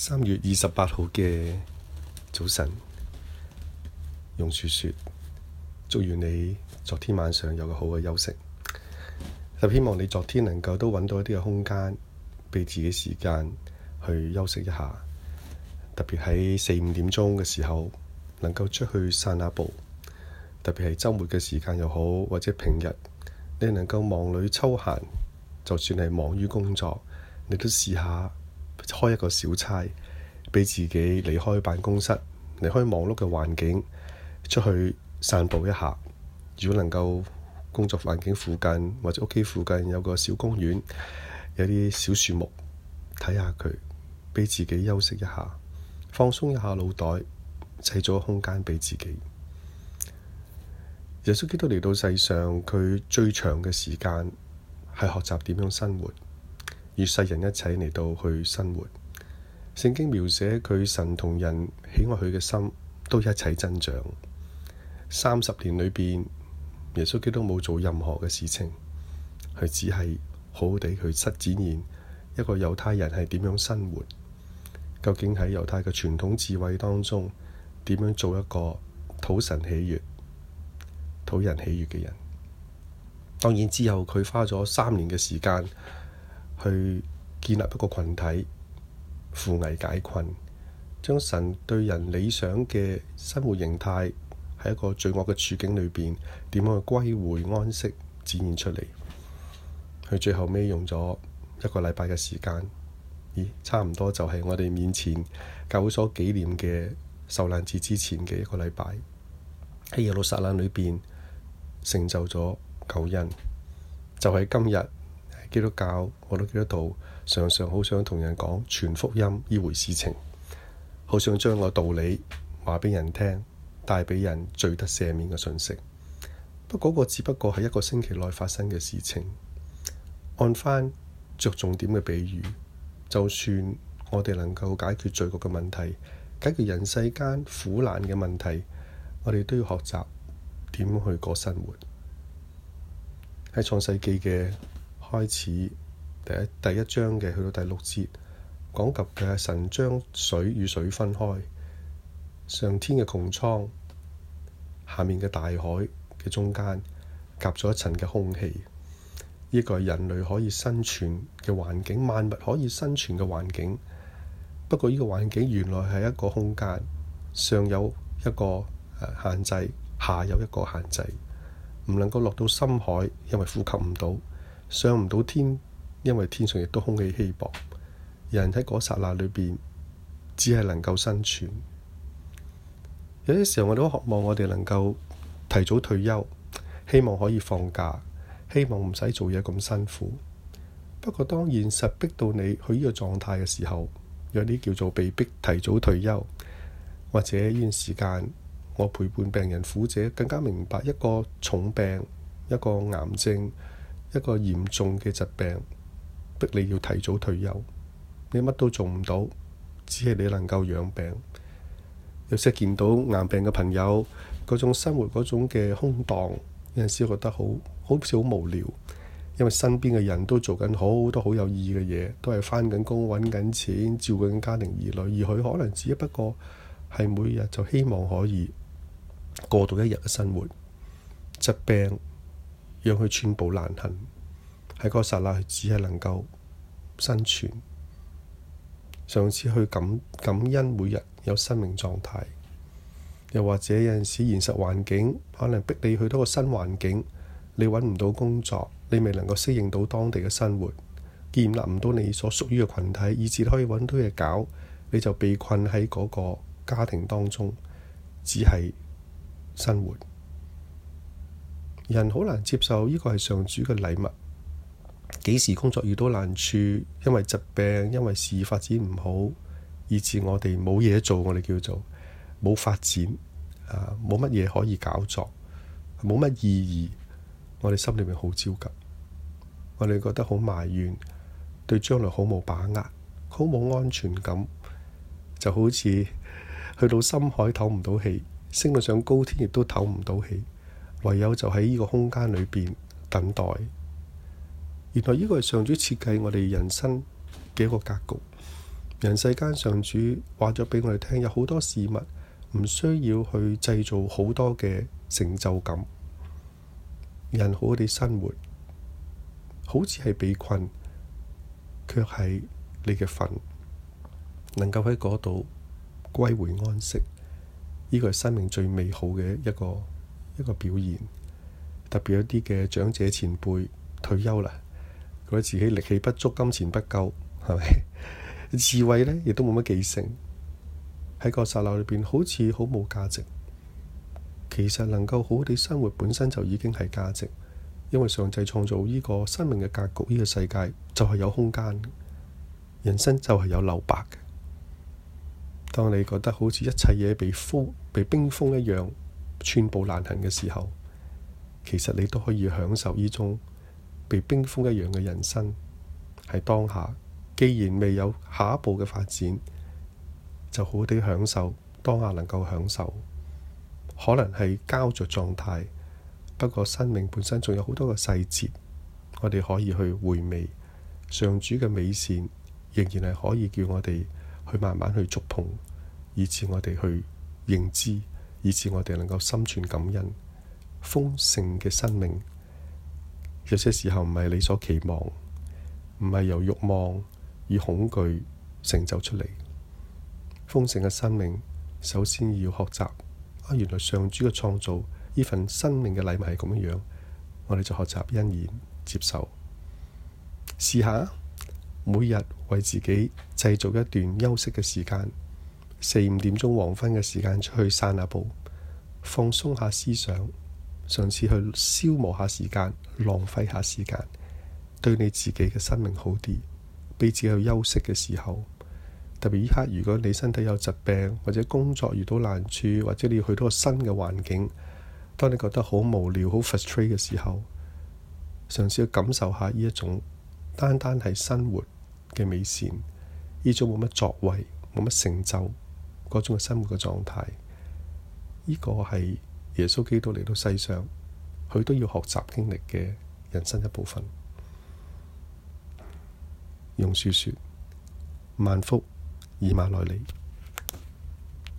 三月二十八號嘅早晨，用樹說，祝願你昨天晚上有個好嘅休息，就希望你昨天能夠都揾到一啲嘅空間，畀自己時間去休息一下。特別喺四五點鐘嘅時候，能夠出去散下步。特別係周末嘅時間又好，或者平日，你能夠忙裏抽閒，就算你忙於工作，你都試下。開一個小差，畀自己離開辦公室，離開忙碌嘅環境，出去散步一下。如果能夠工作環境附近或者屋企附近有個小公園，有啲小樹木，睇下佢，畀自己休息一下，放鬆一下腦袋，製造空間畀自己。耶穌基督嚟到世上，佢最長嘅時間係學習點樣生活。與世人一齊嚟到去生活，聖經描寫佢神同人喜愛佢嘅心都一齊增長。三十年裏邊，耶穌基督冇做任何嘅事情，佢只係好好地去失展現一個猶太人係點樣生活。究竟喺猶太嘅傳統智慧當中，點樣做一個討神喜悅、討人喜悅嘅人？當然之後佢花咗三年嘅時間。去建立一個群體，扶危解困，將神對人理想嘅生活形態喺一個罪惡嘅處境裏邊點樣去歸回安息展現出嚟。佢最後尾用咗一個禮拜嘅時間，咦？差唔多就係我哋面前教會所紀念嘅受難節之前嘅一個禮拜，喺耶路撒冷裏邊成就咗救恩，就係、是、今日。基督教，我都記得到。常常好想同人講全福音呢回事情，好想將個道理話畀人聽，帶畀人罪得赦免嘅信息。不過，個只不過係一個星期內發生嘅事情。按翻着重點嘅比喻，就算我哋能夠解決罪惡嘅問題，解決人世間苦難嘅問題，我哋都要學習點去過生活。喺創世紀嘅。開始第一第一章嘅，去到第六節講及嘅神將水與水分開，上天嘅穹蒼，下面嘅大海嘅中間夾咗一層嘅空氣。呢個係人類可以生存嘅環境，萬物可以生存嘅環境。不過，呢個環境原來係一個空間，上有一個限制，下有一個限制，唔能夠落到深海，因為呼吸唔到。上唔到天，因為天上亦都空氣稀薄。人喺嗰剎那裏邊，只係能夠生存。有啲時候我都渴望我哋能夠提早退休，希望可以放假，希望唔使做嘢咁辛苦。不過當現實逼到你去呢個狀態嘅時候，有啲叫做被逼提早退休，或者呢段時間我陪伴病人苦者，更加明白一個重病一個癌症。一個嚴重嘅疾病，逼你要提早退休，你乜都做唔到，只係你能夠養病。有時見到癌病嘅朋友，嗰種生活嗰種嘅空檔，有陣時覺得好好似好無聊，因為身邊嘅人都做緊好多好有意義嘅嘢，都係翻緊工、揾緊錢、照顧緊家庭兒女，而佢可能只不過係每日就希望可以過度一日嘅生活，疾病。讓佢寸步難行，喺嗰刹那，佢只係能夠生存。嘗試去感感恩，每日有生命狀態。又或者有陣時現實環境可能逼你去到個新環境，你搵唔到工作，你未能夠適應到當地嘅生活，建立唔到你所屬於嘅群體，以至可以搵到嘢搞，你就被困喺嗰個家庭當中，只係生活。人好難接受呢個係上主嘅禮物。幾時工作遇到難處，因為疾病，因為事業發展唔好，以致我哋冇嘢做我哋叫做冇發展，啊，冇乜嘢可以搞作，冇乜意義。我哋心裏面好焦急，我哋覺得好埋怨，對將來好冇把握，好冇安全感，就好似去到深海唞唔到氣，升到上高天亦都唞唔到氣。唯有就喺呢個空間裏邊等待。原來呢個係上主設計我哋人生嘅一個格局。人世間上主話咗畀我哋聽，有好多事物唔需要去製造好多嘅成就感。人好好地生活，好似係被困，卻係你嘅份能夠喺嗰度歸回安息。呢個係生命最美好嘅一個，一個表現，特別有啲嘅長者前輩退休啦，覺得自己力氣不足，金錢不夠，係咪智慧呢，亦都冇乜記性，喺個沙漏裏邊好似好冇價值。其實能夠好好哋生活，本身就已經係價值，因為上帝創造呢個生命嘅格局，呢、這個世界就係有空間，人生就係有留白嘅。當你覺得好似一切嘢被封、被冰封一樣。寸步難行嘅時候，其實你都可以享受呢種被冰封一樣嘅人生。喺當下，既然未有下一步嘅發展，就好好地享受當下能夠享受。可能係膠着狀態，不過生命本身仲有好多嘅細節，我哋可以去回味上主嘅美善，仍然係可以叫我哋去慢慢去觸碰，以致我哋去認知。以致我哋能夠心存感恩，豐盛嘅生命，有些時候唔係你所期望，唔係由欲望與恐懼成就出嚟。豐盛嘅生命，首先要學習啊！原來上主嘅創造，呢份生命嘅禮物係咁樣樣，我哋就學習欣然接受。試下，每日為自己製造一段休息嘅時間。四五點鐘黃昏嘅時間出去散下步，放鬆下思想。嘗試去消磨下時間，浪費下時間，對你自己嘅生命好啲，俾自己去休息嘅時候。特別依刻，如果你身體有疾病，或者工作遇到難處，或者你要去到個新嘅環境，當你覺得好無聊、好 frustrate 嘅時候，嘗試去感受下呢一種，單單係生活嘅美善。呢種冇乜作為，冇乜成就。嗰種嘅生活嘅狀態，呢、這個係耶穌基督嚟到世上，佢都要學習經歷嘅人生一部分。用書說，說：萬福，以馬內利。